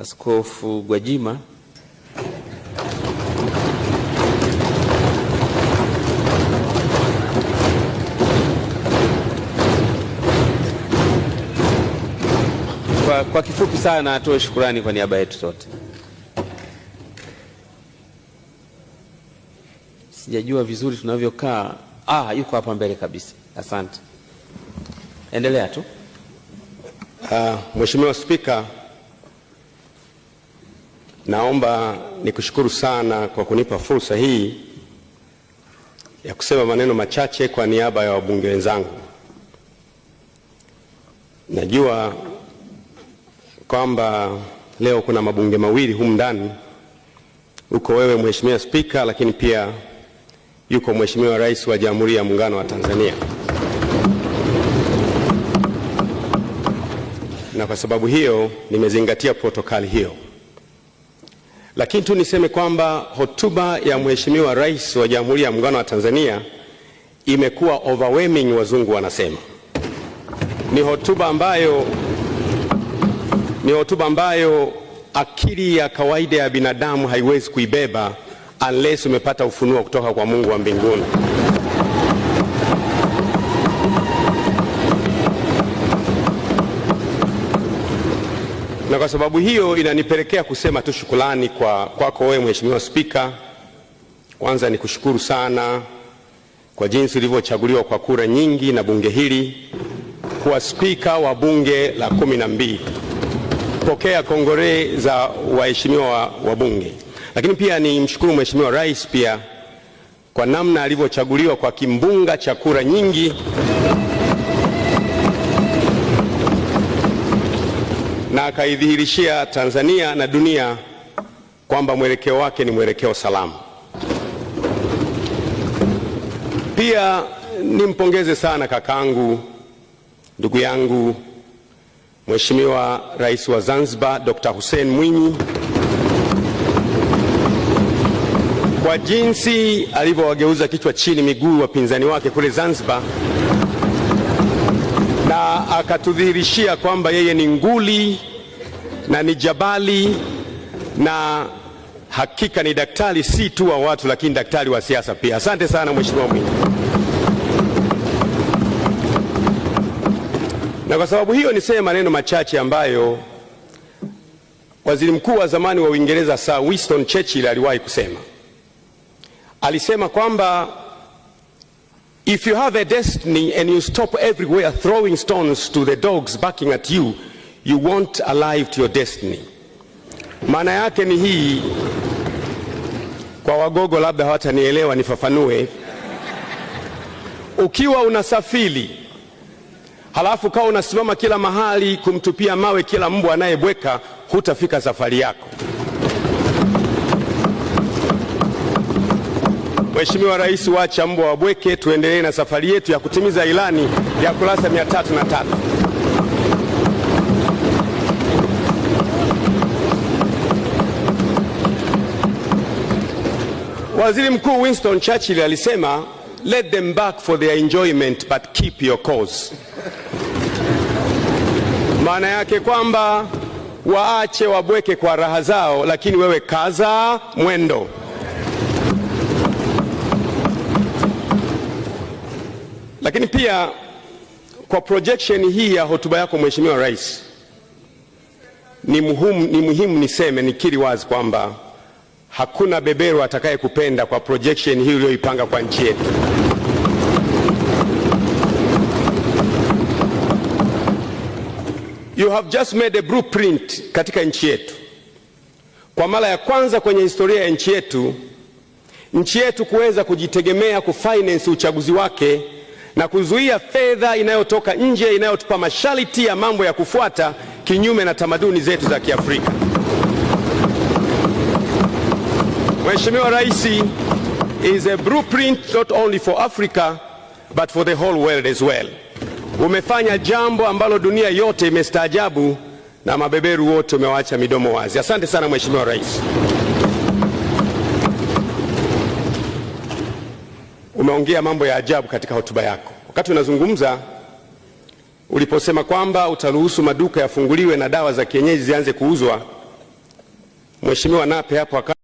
Askofu Gwajima kwa, kwa kifupi sana atoe shukurani kwa niaba yetu sote. Sijajua vizuri tunavyokaa. Ah, yuko hapa mbele kabisa. Asante, endelea tu. Uh, Mheshimiwa Spika Naomba nikushukuru sana kwa kunipa fursa hii ya kusema maneno machache kwa niaba ya wabunge wenzangu. Najua kwamba leo kuna mabunge mawili humu ndani, uko wewe Mheshimiwa Spika, lakini pia yuko Mheshimiwa Rais wa Jamhuri ya Muungano wa Tanzania. Na kwa sababu hiyo nimezingatia protokali hiyo. Lakini tu niseme kwamba hotuba ya Mheshimiwa Rais wa Jamhuri ya Muungano wa Tanzania imekuwa overwhelming, wazungu wanasema. Ni hotuba ambayo, ni hotuba ambayo akili ya kawaida ya binadamu haiwezi kuibeba unless umepata ufunuo kutoka kwa Mungu wa mbinguni. kwa sababu hiyo inanipelekea kusema tu shukrani kwa kwako wewe Mheshimiwa Spika. Kwanza ni kushukuru sana kwa jinsi ulivyochaguliwa kwa kura nyingi na bunge hili kuwa spika wa bunge la kumi na mbili. Pokea kongore za waheshimiwa wa bunge. Lakini pia ni mshukuru Mheshimiwa Rais pia kwa namna alivyochaguliwa kwa kimbunga cha kura nyingi na akaidhihirishia Tanzania na dunia kwamba mwelekeo wake ni mwelekeo salama. Pia nimpongeze sana kakangu, ndugu yangu, Mheshimiwa Rais wa Zanzibar Dr. Hussein Mwinyi kwa jinsi alivyowageuza kichwa chini miguu wapinzani wake kule Zanzibar na akatudhihirishia kwamba yeye ni nguli na ni jabali na hakika ni daktari si tu wa watu, lakini daktari wa siasa pia. Asante sana mheshimiwa mwingi Na kwa sababu hiyo niseme maneno machache ambayo waziri mkuu wa zamani wa Uingereza Sir Winston Churchill aliwahi kusema. Alisema kwamba If you have a destiny and you stop everywhere throwing stones to the dogs barking at you, you won't alive to your destiny. Maana yake ni hii, kwa Wagogo labda hawatanielewa, nifafanue. Ukiwa unasafiri halafu kawa unasimama kila mahali kumtupia mawe kila mbwa anayebweka, hutafika safari yako. Mheshimiwa Rais, wacha mbwa wabweke, tuendelee na safari yetu ya kutimiza ilani ya kurasa 303. Waziri Mkuu Winston Churchill alisema let them back for their enjoyment but keep your cause. Maana yake kwamba waache wabweke kwa raha zao, lakini wewe kaza mwendo. Lakini pia kwa projection hii ya hotuba yako Mheshimiwa Rais, ni muhimu, ni muhimu niseme, nikiri wazi kwamba hakuna beberu atakayekupenda kwa projection hii uliyoipanga kwa nchi yetu. You have just made a blueprint katika nchi yetu. Kwa mara ya kwanza kwenye historia ya nchi yetu, nchi yetu kuweza kujitegemea kufinance uchaguzi wake na kuzuia fedha inayotoka nje inayotupa masharti ya mambo ya kufuata kinyume na tamaduni zetu za Kiafrika. Mheshimiwa Rais is a blueprint not only for Africa but for the whole world as well. Umefanya jambo ambalo dunia yote imestaajabu na mabeberu wote umewaacha midomo wazi. Asante sana Mheshimiwa Rais. umeongea mambo ya ajabu katika hotuba yako. Wakati unazungumza uliposema kwamba utaruhusu maduka yafunguliwe na dawa za kienyeji zianze kuuzwa, Mheshimiwa Nape hapo